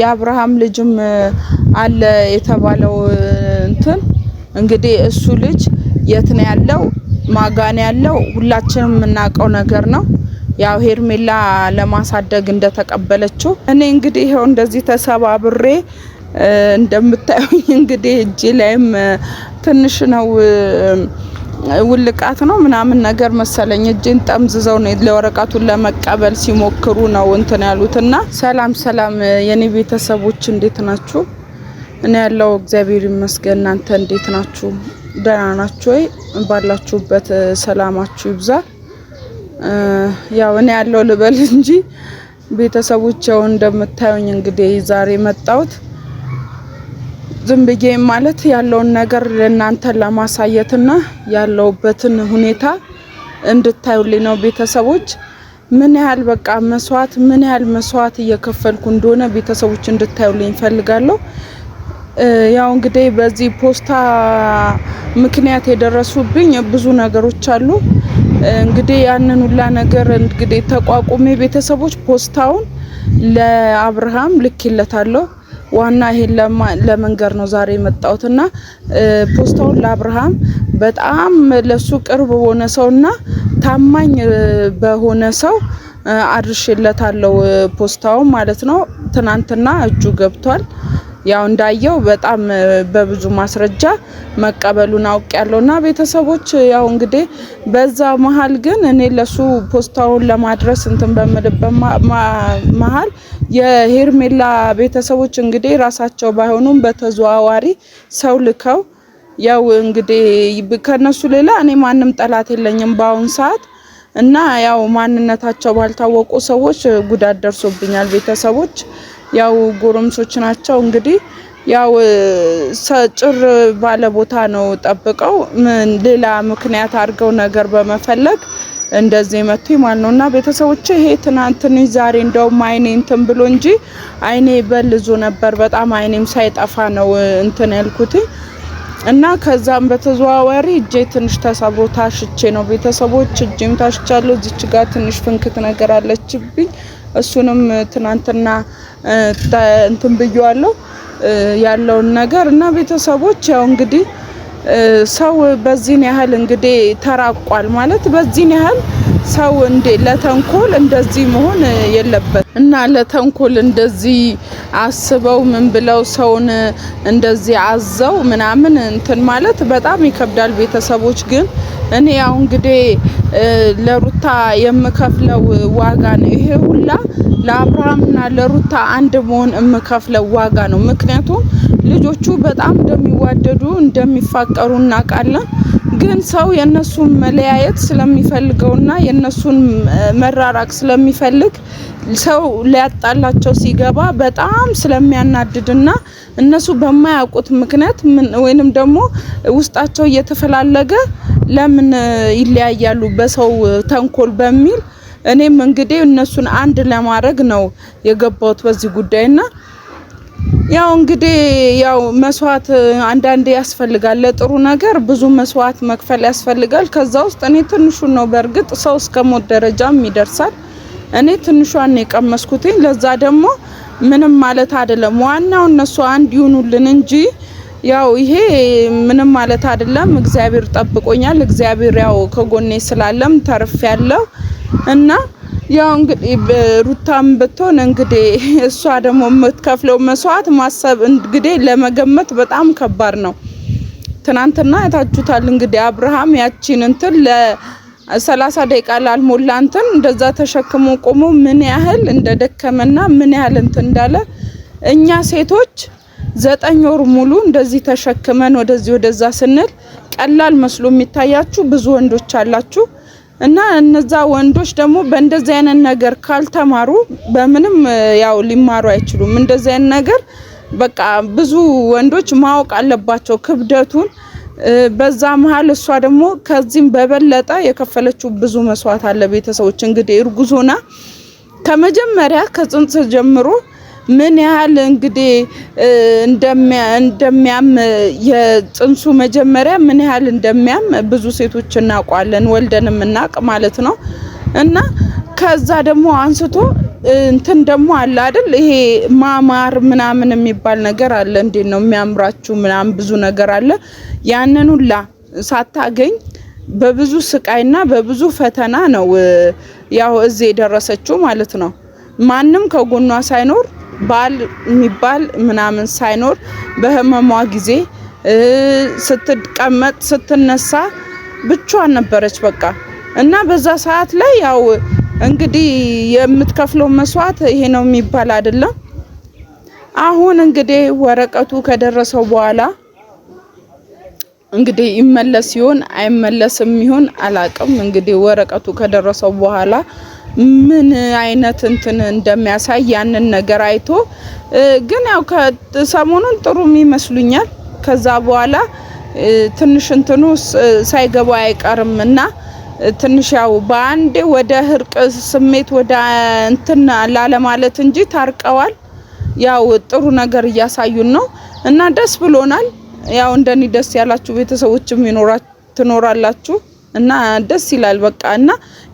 የአብርሃም ልጅም አለ የተባለው እንትን እንግዲህ እሱ ልጅ የት ነው ያለው? ማጋን ያለው ሁላችንም የምናውቀው ነገር ነው። ያው ሄርሜላ ለማሳደግ እንደተቀበለችው እኔ እንግዲህ ይኸው እንደዚህ ተሰባብሬ እንደምታዩኝ እንግዲህ እጅ ላይም ትንሽ ነው ውልቃት ነው ምናምን ነገር መሰለኝ እጅን ጠምዝዘው ነው ለወረቀቱን ለመቀበል ሲሞክሩ ነው እንትን ያሉትና። ሰላም ሰላም የኔ ቤተሰቦች እንዴት ናችሁ? እኔ ያለው እግዚአብሔር ይመስገን። እናንተ እንዴት ናችሁ? ደህና ናችሁ ወይ? ባላችሁበት ሰላማችሁ ይብዛ። ያው እኔ ያለው ልበል እንጂ ቤተሰቦች ያው እንደምታዩኝ እንግዲህ ዛሬ መጣሁት ዝም ብዬ ማለት ያለውን ነገር ለእናንተ ለማሳየትና ያለውበትን ሁኔታ እንድታዩልኝ ነው ቤተሰቦች። ምን ያህል በቃ መስዋዕት ምን ያህል መስዋዕት እየከፈልኩ እንደሆነ ቤተሰቦች እንድታዩልኝ እፈልጋለሁ። ያው እንግዲህ በዚህ ፖስታ ምክንያት የደረሱብኝ ብዙ ነገሮች አሉ። እንግዲህ ያንን ሁላ ነገር እንግዲህ ተቋቁሜ ቤተሰቦች ፖስታውን ለአብርሃም ልክ ይለታለሁ። ዋና ይሄን ለመንገር ነው ዛሬ የመጣሁት እና ፖስታውን ለአብርሃም በጣም ለሱ ቅርብ በሆነ ሰው እና ታማኝ በሆነ ሰው አድርሼለታለሁ። ፖስታውን ማለት ነው። ትናንትና እጁ ገብቷል። ያው እንዳየው በጣም በብዙ ማስረጃ መቀበሉን አውቅ ያለውና ቤተሰቦች ያው እንግዲህ በዛ መሀል ግን እኔ ለሱ ፖስታውን ለማድረስ እንትን በምልበት መሀል የሄርሜላ ቤተሰቦች እንግዲህ ራሳቸው ባይሆኑም በተዘዋዋሪ ሰው ልከው ያው እንግዲህ ከነሱ ሌላ እኔ ማንም ጠላት የለኝም በአሁን ሰዓት እና ያው ማንነታቸው ባልታወቁ ሰዎች ጉዳት ደርሶብኛል ቤተሰቦች ያው ጎረምሶች ናቸው እንግዲህ ያው ጭር ባለ ቦታ ነው ጠብቀው ሌላ ምክንያት አድርገው ነገር በመፈለግ እንደዚህ መጥቶ ማለት ነው። እና ቤተሰቦቼ ይሄ ትናንትን ዛሬ እንደውም አይኔ እንትን ብሎ እንጂ አይኔ በልዞ ነበር። በጣም አይኔም ሳይጠፋ ነው እንትን ያልኩት እና ከዛም በተዘዋዋሪ እጄ ትንሽ ተሰብሮ ታሽቼ ነው ቤተሰቦች፣ እጄም ታሽቻለሁ። እዚች ጋር ትንሽ ፍንክት ነገር አለችብኝ። እሱንም ትናንትና እንትን ብየዋለሁ ያለውን ነገር እና ቤተሰቦች ያው እንግዲህ ሰው በዚህን ያህል እንግዲህ ተራቋል ማለት በዚህን ያህል ሰው እንዴ ለተንኮል እንደዚህ መሆን የለበት እና ለተንኮል እንደዚህ አስበው ምን ብለው ሰውን እንደዚህ አዘው ምናምን እንትን ማለት በጣም ይከብዳል። ቤተሰቦች ግን እኔ ያው እንግዲህ ለሩታ የምከፍለው ዋጋ ነው ይሄ ሁላ ለአብርሃምና ለሩታ አንድ መሆን የምከፍለው ዋጋ ነው። ምክንያቱም ልጆቹ በጣም እንደሚዋደዱ እንደሚፋቀሩ እናውቃለን። ግን ሰው የነሱን መለያየት ስለሚፈልገውና የነሱን መራራቅ ስለሚፈልግ ሰው ሊያጣላቸው ሲገባ በጣም ስለሚያናድድና እነሱ በማያውቁት ምክንያት ወይንም ደግሞ ውስጣቸው እየተፈላለገ ለምን ይለያያሉ በሰው ተንኮል በሚል እኔም እንግዲህ እነሱን አንድ ለማድረግ ነው የገባሁት በዚህ ጉዳይና ያው እንግዲህ ያው መስዋዕት አንዳንዴ ያስፈልጋል። ለጥሩ ነገር ብዙ መስዋዕት መክፈል ያስፈልጋል። ከዛ ውስጥ እኔ ትንሹን ነው። በእርግጥ ሰው እስከ ሞት ደረጃም ይደርሳል። እኔ ትንሿን የቀመስኩትኝ። ለዛ ደግሞ ምንም ማለት አይደለም። ዋናው እነሱ አንድ ይሁኑልን እንጂ ያው ይሄ ምንም ማለት አይደለም። እግዚአብሔር ጠብቆኛል። እግዚአብሔር ያው ከጎኔ ስላለም ተርፍ ያለው እና ያው እንግዲህ ሩታም ብትሆን እንግዲህ እሷ ደግሞ የምትከፍለው መስዋዕት ማሰብ እንግዲህ ለመገመት በጣም ከባድ ነው። ትናንትና አይታችሁታል እንግዲህ አብርሃም ያቺን እንትን ለሰላሳ ደቂቃ ላልሞላ እንትን እንደዛ ተሸክሞ ቆሞ ምን ያህል እንደደከመና ምን ያህል እንትን እንዳለ እኛ ሴቶች ዘጠኝ ወር ሙሉ እንደዚህ ተሸክመን ወደዚህ ወደዛ ስንል ቀላል መስሎ የሚታያችሁ ብዙ ወንዶች አላችሁ። እና እነዛ ወንዶች ደግሞ በእንደዚህ አይነት ነገር ካልተማሩ በምንም ያው ሊማሩ አይችሉም። እንደዚህ አይነት ነገር በቃ ብዙ ወንዶች ማወቅ አለባቸው ክብደቱን። በዛ መሀል እሷ ደግሞ ከዚህም በበለጠ የከፈለችው ብዙ መስዋዕት አለ። ቤተሰቦች እንግዲህ እርጉዞና ከመጀመሪያ ከጽንስ ጀምሮ ምን ያህል እንግዲህ እንደሚያም የጽንሱ መጀመሪያ ምን ያህል እንደሚያም ብዙ ሴቶች እናውቋለን፣ ወልደንም እናውቅ ማለት ነው። እና ከዛ ደግሞ አንስቶ እንትን ደግሞ አለ አይደል? ይሄ ማማር ምናምን የሚባል ነገር አለ። እንዴት ነው የሚያምራችሁ ምናምን ብዙ ነገር አለ። ያንን ሁላ ሳታገኝ በብዙ ስቃይና በብዙ ፈተና ነው ያው እዚህ የደረሰችው ማለት ነው። ማንም ከጎኗ ሳይኖር ባል የሚባል ምናምን ሳይኖር በህመሟ ጊዜ ስትቀመጥ ስትነሳ ብቻዋን ነበረች በቃ እና በዛ ሰዓት ላይ ያው እንግዲህ የምትከፍለው መስዋዕት ይሄ ነው የሚባል አይደለም። አሁን እንግዲህ ወረቀቱ ከደረሰው በኋላ እንግዲህ ይመለስ ይሆን አይመለስም ይሆን አላቅም። እንግዲህ ወረቀቱ ከደረሰው በኋላ ምን አይነት እንትን እንደሚያሳይ ያንን ነገር አይቶ ግን ያው ከሰሞኑን ጥሩም ይመስሉኛል። ከዛ በኋላ ትንሽ እንትኑ ሳይገባ አይቀርም እና ትንሽ ያው በአንዴ ወደ ህርቅ ስሜት ወደ እንትን ላለማለት እንጂ ታርቀዋል። ያው ጥሩ ነገር እያሳዩን ነው እና ደስ ብሎናል። ያው እንደኔ ደስ ያላችሁ ቤተሰቦችም ይኖራ ትኖራላችሁ። እና ደስ ይላል በቃ እና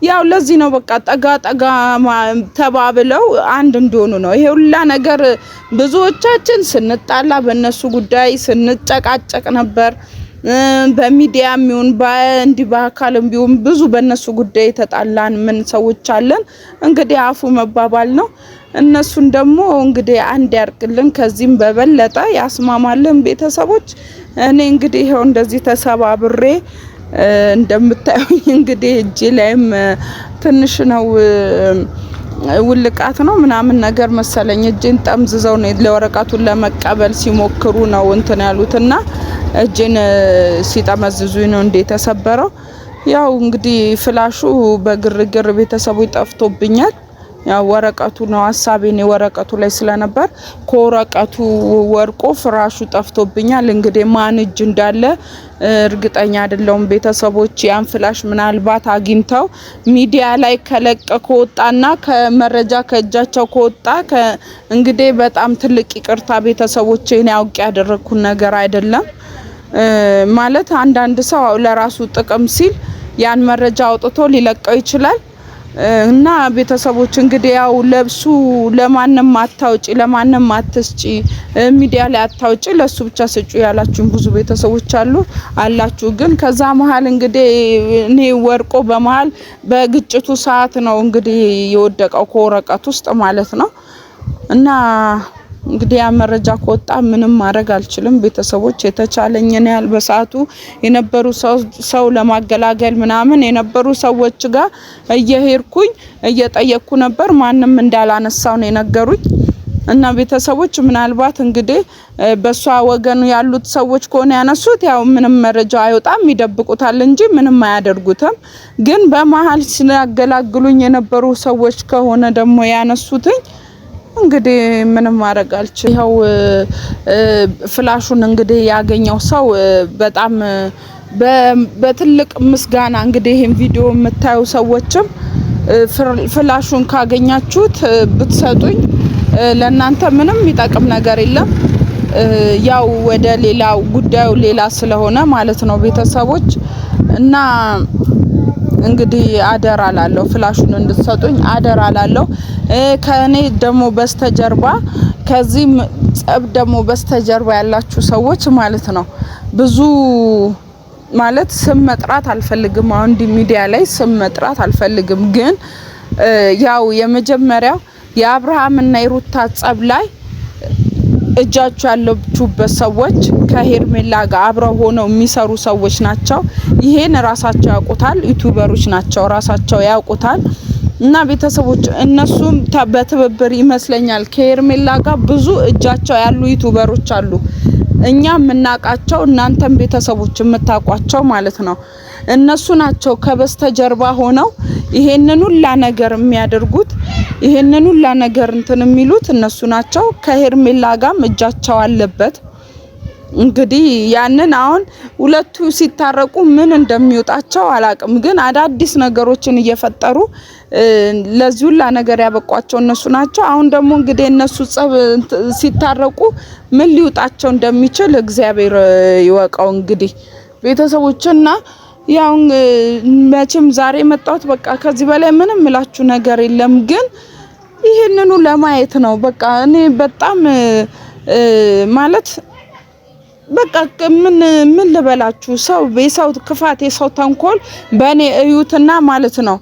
ያው ለዚህ ነው በቃ ጠጋ ጠጋ ተባብለው አንድ እንዲሆኑ ነው። ይሄ ሁላ ነገር ብዙዎቻችን ስንጣላ በእነሱ ጉዳይ ስንጨቃጨቅ ነበር። በሚዲያ የሚሆን እንዲህ በአካልም ቢሆን ብዙ በእነሱ ጉዳይ የተጣላን ምን ሰዎች አለን። እንግዲህ አፉ መባባል ነው። እነሱን ደግሞ እንግዲህ አንድ ያርቅልን፣ ከዚህም በበለጠ ያስማማልን። ቤተሰቦች እኔ እንግዲህ ይኸው እንደዚህ ተሰባብሬ እንደምታዩኝ እንግዲህ እጅ ላይም ትንሽ ነው ውልቃት ነው ምናምን ነገር መሰለኝ። እጅን ጠምዝዘው ነው ለወረቀቱን ለመቀበል ሲሞክሩ ነው እንትን ያሉትና እጅን ሲጠመዝዙ ነው እንዴ የተሰበረው። ያው እንግዲህ ፍላሹ በግርግር ቤተሰቡ ይጠፍቶብኛል። ወረቀቱ ነው እኔ ወረቀቱ ላይ ስለነበር ከወረቀቱ ወርቆ ፍራሹ ጠፍቶብኛል። እንግዲህ ማን እጅ እንዳለ እርግጠኛ አይደለሁም። ቤተሰቦች ያን ፍላሽ ምናልባት አግኝተው ሚዲያ ላይ ከለቀ ከወጣና ከመረጃ ከእጃቸው ከወጣ እንግዲህ በጣም ትልቅ ይቅርታ ቤተሰቦች፣ እኔ አውቄ ያደረግኩት ነገር አይደለም። ማለት አንዳንድ ሰው ለራሱ ጥቅም ሲል ያን መረጃ አውጥቶ ሊለቀው ይችላል። እና ቤተሰቦች እንግዲህ ያው ለብሱ ለማንም አታውጪ፣ ለማንም አትስጪ፣ ሚዲያ ላይ አታውጪ፣ ለሱ ብቻ ስጩ ያላችሁን ብዙ ቤተሰቦች አሉ አላችሁ። ግን ከዛ መሀል እንግዲህ እኔ ወርቆ በመሀል በግጭቱ ሰዓት ነው እንግዲህ የወደቀው ከወረቀት ውስጥ ማለት ነው እና እንግዲህ ያ መረጃ ከወጣ ምንም ማድረግ አልችልም። ቤተሰቦች የተቻለኝን ያህል በሰዓቱ የነበሩ ሰው ለማገላገል ምናምን የነበሩ ሰዎች ጋር እየሄድኩኝ እየጠየቅኩ ነበር። ማንም እንዳላነሳው ነው የነገሩኝ። እና ቤተሰቦች ምናልባት እንግዲህ በእሷ ወገኑ ያሉት ሰዎች ከሆነ ያነሱት ያው ምንም መረጃ አይወጣም፣ ይደብቁታል እንጂ ምንም አያደርጉትም። ግን በመሀል ሲያገላግሉኝ የነበሩ ሰዎች ከሆነ ደግሞ ያነሱትኝ እንግዲህ ምንም ማድረግ አልችል። ይኸው ፍላሹን እንግዲህ ያገኘው ሰው በጣም በትልቅ ምስጋና እንግዲህ ይህን ቪዲዮ የምታዩ ሰዎችም ፍላሹን ካገኛችሁት ብትሰጡኝ ለእናንተ ምንም የሚጠቅም ነገር የለም። ያው ወደ ሌላ ጉዳዩ ሌላ ስለሆነ ማለት ነው ቤተሰቦች እና እንግዲህ አደራ ላለሁ ፍላሹን እንድትሰጡኝ አደራ ላለሁ። ከእኔ ደግሞ በስተጀርባ ከዚህ ጸብ ደግሞ በስተጀርባ ያላችሁ ሰዎች ማለት ነው ብዙ ማለት ስም መጥራት አልፈልግም። አሁን ሚዲያ ላይ ስም መጥራት አልፈልግም፣ ግን ያው የመጀመሪያው የአብርሃምና የሩታ ጸብ ላይ እጃችሁ ያለችሁበት ሰዎች ከሄርሜላ ጋር አብረው ሆነው የሚሰሩ ሰዎች ናቸው። ይሄን ራሳቸው ያውቁታል። ዩቱበሮች ናቸው፣ ራሳቸው ያውቁታል። እና ቤተሰቦች እነሱም በትብብር ይመስለኛል ከሄርሜላ ጋር ብዙ እጃቸው ያሉ ዩቱበሮች አሉ። እኛ የምናውቃቸው እናንተም ቤተሰቦች የምታውቋቸው ማለት ነው። እነሱ ናቸው ከበስተጀርባ ሆነው ይሄንን ሁላ ነገር የሚያደርጉት ይሄንን ሁላ ነገር እንትን የሚሉት እነሱ ናቸው። ከሄርሜላ ጋርም እጃቸው አለበት። እንግዲህ ያንን አሁን ሁለቱ ሲታረቁ ምን እንደሚወጣቸው አላቅም፣ ግን አዳዲስ ነገሮችን እየፈጠሩ ለዚህ ሁላ ነገር ያበቋቸው እነሱ ናቸው። አሁን ደግሞ እንግዲህ እነሱ ጸብ ሲታረቁ ምን ሊወጣቸው እንደሚችል እግዚአብሔር ይወቀው። እንግዲህ ቤተሰቦችና ያው መቼም ዛሬ መጣሁት፣ በቃ ከዚህ በላይ ምንም ምላችሁ ነገር የለም፣ ግን ይህንኑ ለማየት ነው። በቃ እኔ በጣም ማለት በቃ ምን ምን ልበላችሁ፣ ሰው የሰው ክፋት የሰው ተንኮል በእኔ እዩትና ማለት ነው።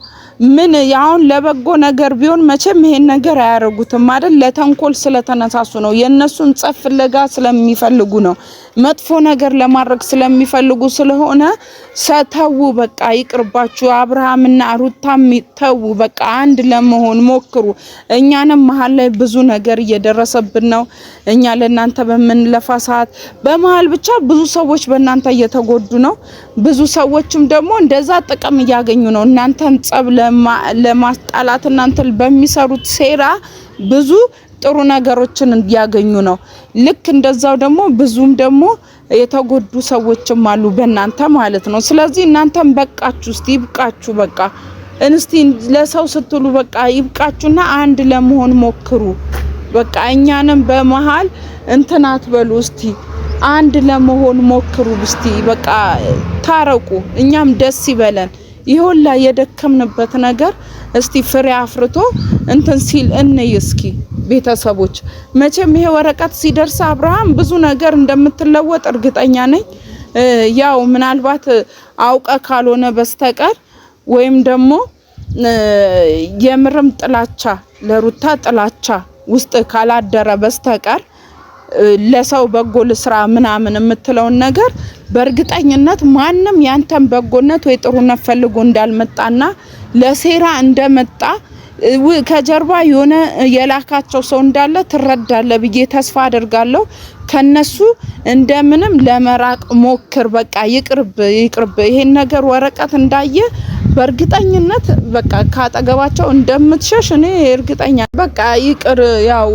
ምን ያሁን ለበጎ ነገር ቢሆን መቼም ይሄን ነገር አያደርጉትም አይደል? ለተንኮል ስለተነሳሱ ነው። የእነሱን ጸፍ ፍለጋ ስለሚፈልጉ ነው። መጥፎ ነገር ለማድረግ ስለሚፈልጉ ስለሆነ ሰተው በቃ ይቅርባችሁ። አብርሃምና ሩታም ተው በቃ አንድ ለመሆን ሞክሩ። እኛንም መሀል ላይ ብዙ ነገር እየደረሰብን ነው። እኛ ለእናንተ በምንለፋ ሰዓት በመሀል ብቻ ብዙ ሰዎች በእናንተ እየተጎዱ ነው። ብዙ ሰዎችም ደግሞ እንደዛ ጥቅም እያገኙ ነው። እናንተን ጸብ ለማስጣላት እናንተ በሚሰሩት ሴራ ብዙ ጥሩ ነገሮችን እንዲያገኙ ነው። ልክ እንደዛው ደግሞ ብዙም ደግሞ የተጎዱ ሰዎችም አሉ በእናንተ ማለት ነው። ስለዚህ እናንተም በቃችሁ፣ እስቲ ይብቃችሁ፣ በቃ እንስቲ ለሰው ስትሉ በቃ ይብቃችሁና አንድ ለመሆን ሞክሩ። በቃ እኛንም በመሃል እንትን አትበሉ እስቲ አንድ ለመሆን ሞክሩ። እስቲ በቃ ታረቁ፣ እኛም ደስ ይበለን። ላይ የደከምንበት ነገር እስቲ ፍሬ አፍርቶ እንትን ሲል እንይ እስኪ ቤተሰቦች። መቼም ይሄ ወረቀት ሲደርስ አብርሃም ብዙ ነገር እንደምትለወጥ እርግጠኛ ነኝ። ያው ምናልባት አውቀ ካልሆነ በስተቀር ወይም ደግሞ የምርም ጥላቻ ለሩታ ጥላቻ ውስጥ ካላደረ በስተቀር ለሰው በጎ ልስራ ምናምን የምትለውን ነገር በእርግጠኝነት ማንም ያንተን በጎነት ወይ ጥሩነት ፈልጎ እንዳልመጣና ለሴራ እንደመጣ ከጀርባ የሆነ የላካቸው ሰው እንዳለ ትረዳለ ብዬ ተስፋ አደርጋለሁ። ከነሱ እንደምንም ለመራቅ ሞክር። በቃ ይቅርብ ይቅርብ። ይሄን ነገር ወረቀት እንዳየ በእርግጠኝነት በቃ ካጠገባቸው እንደምትሸሽ እኔ እርግጠኛ በቃ ይቅር። ያው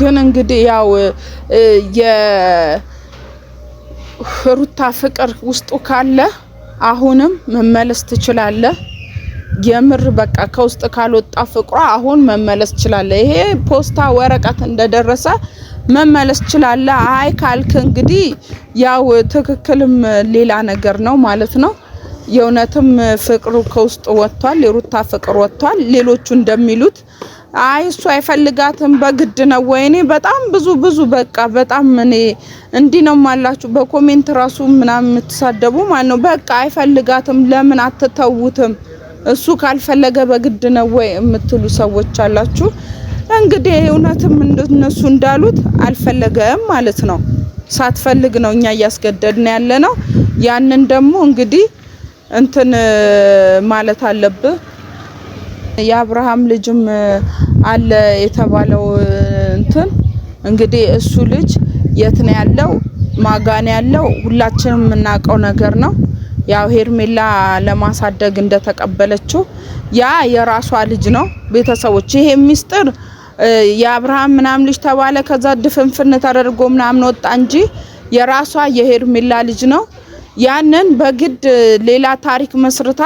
ግን እንግዲህ ያው የሩታ ፍቅር ውስጡ ካለ አሁንም መመለስ ትችላለህ። የምር በቃ ከውስጥ ካልወጣ ፍቅሯ አሁን መመለስ ችላለ። ይሄ ፖስታ ወረቀት እንደደረሰ መመለስ ችላለ። አይ ካልክ እንግዲህ ያው ትክክልም ሌላ ነገር ነው ማለት ነው። የእውነትም ፍቅሩ ከውስጥ ወጥቷል። የሩታ ፍቅር ወጥቷል። ሌሎቹ እንደሚሉት አይ እሱ አይፈልጋትም በግድ ነው ወይኔ በጣም ብዙ ብዙ በቃ በጣም እኔ እንዲህ ነው ማላችሁ በኮሜንት ራሱ ምናምን የምትሳደቡ ማለት ነው። በቃ አይፈልጋትም ለምን አትተውትም እሱ ካልፈለገ በግድ ነው ወይ የምትሉ ሰዎች አላችሁ። እንግዲህ እውነትም እነሱ እንዳሉት አልፈለገም ማለት ነው። ሳትፈልግ ነው እኛ እያስገደድን ያለ ነው። ያንን ደግሞ እንግዲህ እንትን ማለት አለብህ። የአብርሃም ልጅም አለ የተባለው እንትን እንግዲህ እሱ ልጅ የት ነው ያለው? ማጋን ያለው ሁላችንም የምናውቀው ነገር ነው። ያው ሄርሜላ ለማሳደግ እንደተቀበለችው ያ የራሷ ልጅ ነው። ቤተሰቦች ይሄ ሚስጥር የአብርሃም ምናምን ልጅ ተባለ፣ ከዛ ድፍንፍን ተደርጎ ምናምን ወጣ እንጂ የራሷ የሄርሜላ ልጅ ነው። ያንን በግድ ሌላ ታሪክ መስርታ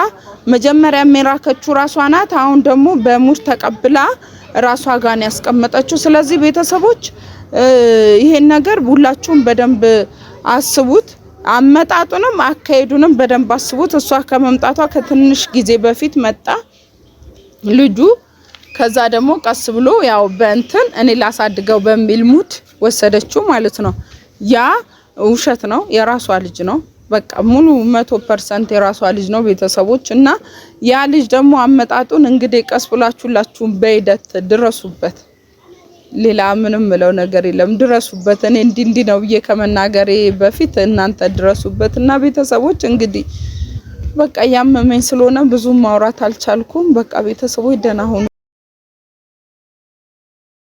መጀመሪያ የራከችው ራሷ ናት። አሁን ደግሞ በሙድ ተቀብላ ራሷ ጋን ያስቀመጠችው። ስለዚህ ቤተሰቦች ይሄን ነገር ሁላችሁም በደንብ አስቡት። አመጣጡንም አካሄዱንም በደንብ አስቡት። እሷ ከመምጣቷ ከትንሽ ጊዜ በፊት መጣ ልጁ። ከዛ ደግሞ ቀስ ብሎ ያው በእንትን እኔ ላሳድገው በሚል ሙድ ወሰደችው ማለት ነው። ያ ውሸት ነው። የራሷ ልጅ ነው። በቃ ሙሉ መቶ ፐርሰንት የራሷ ልጅ ነው። ቤተሰቦች እና ያ ልጅ ደግሞ አመጣጡን እንግዲህ ቀስ ብላችሁላችሁን በሂደት ድረሱበት። ሌላ ምንም ምለው ነገር የለም። ድረሱበት። እኔ እንዲ ነው ብዬ ከመናገሬ በፊት እናንተ ድረሱበት እና ቤተሰቦች እንግዲህ በቃ ያመመኝ ስለሆነ ብዙ ማውራት አልቻልኩም። በቃ ቤተሰቦች ደህና ሁኑ።